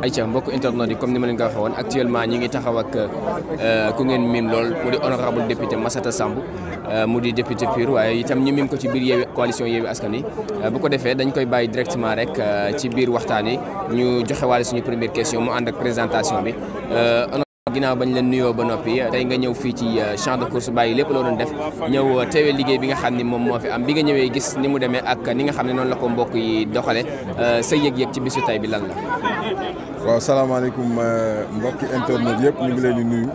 ayca mbokk internet yi comme ni ma leen ko waxee woon actuellement ñi ngi taxaw ak euh, ku ngeen miin lool mu di honorable député Massata Samb euh, mu di député Pire waaye itam ñu miin ko ci biir yeewi coalition yeewi askan wi euh, bu ko defee dañ koy bàyyi directement rek ci biir waxtaan yi ñu joxe waale suñu première question mu ànd ak présentation bi. ginnaaw bañ leen nuyoo ba noppi tey nga ñëw fii ci euh, champ de course bàyyi lépp loo doon def ñëw euh, teewee liggéey bi nga xam ni moom moo fi am bi nga ñëwee gis ni mu demee ak ni nga xam ne noonu la ko mbokk yi doxale euh, sa yëg-yëg ci bisu tay bi lan la. waaw salaamaaleykum mbokki internet yëpp ñu ngi leen di nuyu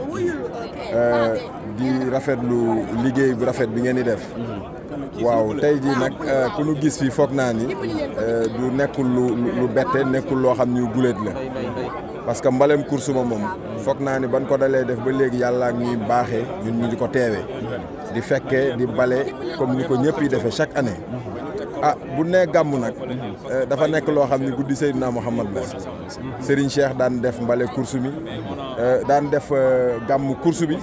di rafet lu liggéey bu rafet bi ngeen di def. waaw tey jii nag ku ñu gis fii foog naa ni du nekkul lu lu bette nekkul loo xam ni guléet la. parce que mbalem course mom moom foog naa ni ban ko dalee def ba léegi yalla ak ñuy baaxee ñun ñu di ko teewee di féké di balé comme ni ñëpp yi défé chaque année ah bu né gàmm nak eh, dafa nekk lo xamni ni guddi Seydina Mouhamad la Serigne Cheikh daan def mbalé course bi eh, daan def eh, gàmm course bi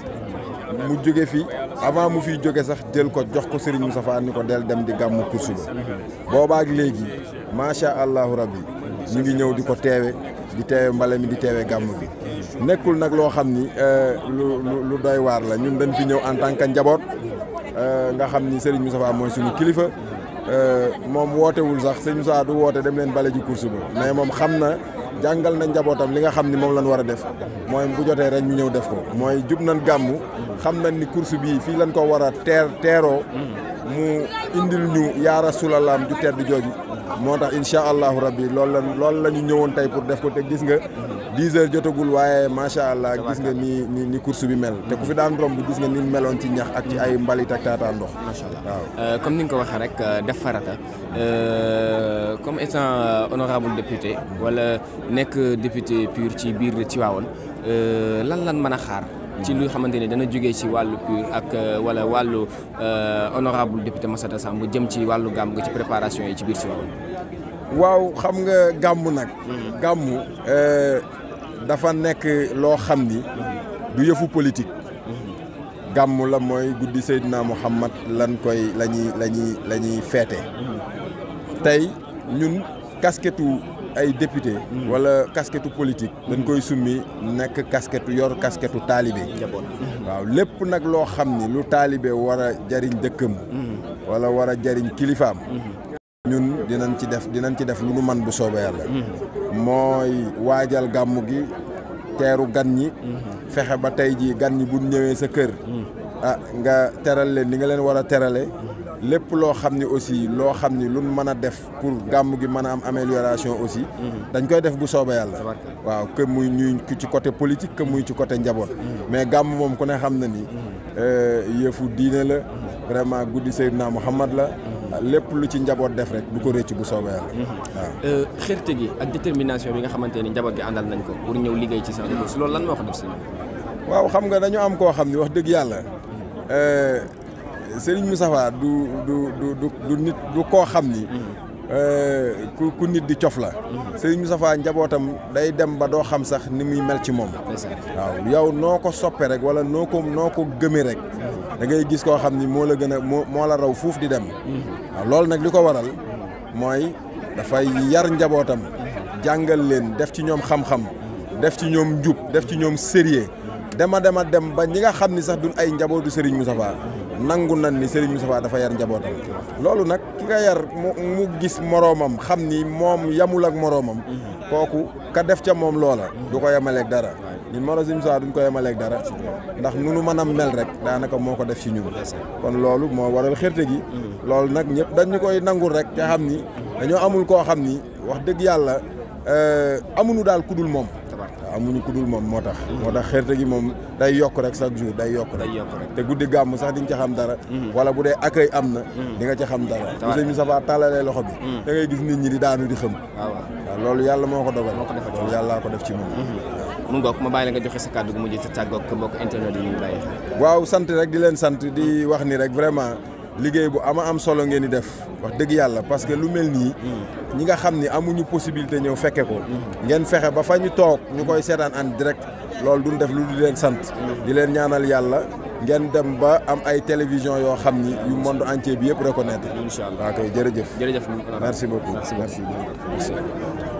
mu joggé fi avant mu fi joggé sax jël ko jox ko Serigne Moustapha ni ko del dem di gàmm course bi ba boobaak léegi macha allah rabbi ñi ngi ñëw diko téwé di teewe mbale mi di teewe gàmm bi nekkul nag loo xam ni euh, lu lu doy waar la ñun dañ fi ñëw en tant que njaboot euh, nga xam ni Serigne Moustapha mooy suñu kilifa euh, moom wootewul sax Serigne Moustapha du woote dem leen bale ji course ba mais moom xam na jàngal na njabootam li nga xam ni moom lañ war a def mooy bu jotee rek ñu ñëw def ko mooy jub nañ gàmm xam nañ ni course bii fii lañ ko war a teer teeroo mm. mu indil ñu yaara sulalaam ju tedd jooju moo tax incha allahu rabbi loolu la loolu la ñu ñëwoon tey pour def ko te gis nga. 10 heures jotagul waaye macha allah gis nga ni ni ni course bi mel. te ku fi daan romb gis nga ni meloon ci ñax ak ci ay mbalit ak taataa ndox. macha allah waaw euh, comme ni nga ko waxee rek euh, def farata euh, comme étant honorable député wala nekk député pur ci biir ci Tivaouane lan lan mën a xaar. ci lu xamanteni dana jógee ci walu PUR ak euh, wala wàllu euh, honorable député Massata Samb jëm ci wàllu gàmm ci préparation yi ci biir si waw xam nga nak, nag. Mhm. euh dafa nek lo xam ni mhm. du yefu politique. Mhm. gamu la moy goudi sayyidina mohammed lan koy lañi lañi lañi ñuy la tey ñun. casquette ay député mm. wala casquette politique dañ mm. koy summi nekk kasketu yor casquette taalibe mm-hmm. waaw lépp nag loo xam ni lu taalibe war a jariñ dëkkam mm-hmm. wala war a jariñ kilifaam mm-hmm. ñun dinañ ci def dinañ ci def lu nu man bu soobee yàlla mooy waajal gàmmu gi teeru gan ñi fexe ba tey ji gan ñi bu ñëwee sa kër ah nga teral leen li nga leen war a terale lépp lo xamni aussi lo xamni luñ mëna def pour gàmm gi mëna am amélioration aussi mhm. dañ koy def bu soba yalla waaw que muy ñuy ci côté politique que muy ci côté njaboot mhm. mais gàmm mom ku ne xam na ni mhm. euh, yëfu diine la vraiment goudi sayyidna mohammed la lépp lu ci njaboot def rek du ko rëcc bu soba yalla euh xerté gi ak détermination bi nga xamanté ni njaboot gi andal nañ ko pour ñew liggéey ci sax lool lan moo ko def si waaw xam nga dañu am ko xamni ni wax dëgg euh Serigne Moustapha du du du du nit du koo xam ni. Mm-hmm. Euh, ku ku nit di cof la. Mm-hmm. Serigne Moustapha njabootam day dem ba doo xam sax ni muy mel ci moom. waaw yow noo ko soppee rek wala noo ko noo ko gëmee rek. Mm-hmm. da ngay gis koo xam ni moo la gën a moo moo la raw fuuf di dem. waaw loolu nag li ko waral mooy dafay yar njabootam. jàngal leen def ci ñoom xam-xam. def ci ñoom njub def ci ñoom sérieux. dema dema dem ba ñi nga xam ni sax duñ ay njabootu mu Moustapha nangu nan ni Serigne Moustapha dafa yar njabootam loolu nag ki nga yar mu gis moroomam xam ni moom yamul ak moroomam kooku ka def ca moom loola du ko yemaleeg dara ñun moro Serigne Moustapha duñ ko yemaleeg dara ndax nu nu mën a mel rek daanaka moo ko def ci ñun kon loolu moo waral xérte gi loolu nag ñëpp dañu koy nangul rek te xam ni dañoo amul koo xam ni wax dëgg yàlla euh, amunu daal kudul moom amuñu ku dul moom moo tax moo tax xerte gi moom day yokk rek chaque jour day yokk rek te guddi gàmm sax di ci xam dara mhm. wala bu dee accueil am na mhm. di ci xam dara bu sëñ tàllalee loxo bi mhm. da ngay gis nit ñi di daanu di xëm ah, waaw loolu yàlla moo la nga joxe sa kàddu gu mujj sa tàggoog mbokk internet yi ñuy waaw sant rek di leen sant di wax ni rek vraiment liggéey bu ama am solo ngeen di def wax dëgg yàlla parce que lu mel nii mm. ñi nga xam ni amuñu possibilité ñëw fekke ko mm. ngeen fexe ba fa ñu toog ñu koy seetaan en direct loolu duñ def lu di leen sant mm. di leen ñaanal yàlla ngeen dem ba am ay télévision yoo xam ni yu monde entier bi yëpp reconnaître incha allah waaw kay jërëjëf jërëjëf merci beaucoup merci beaucoup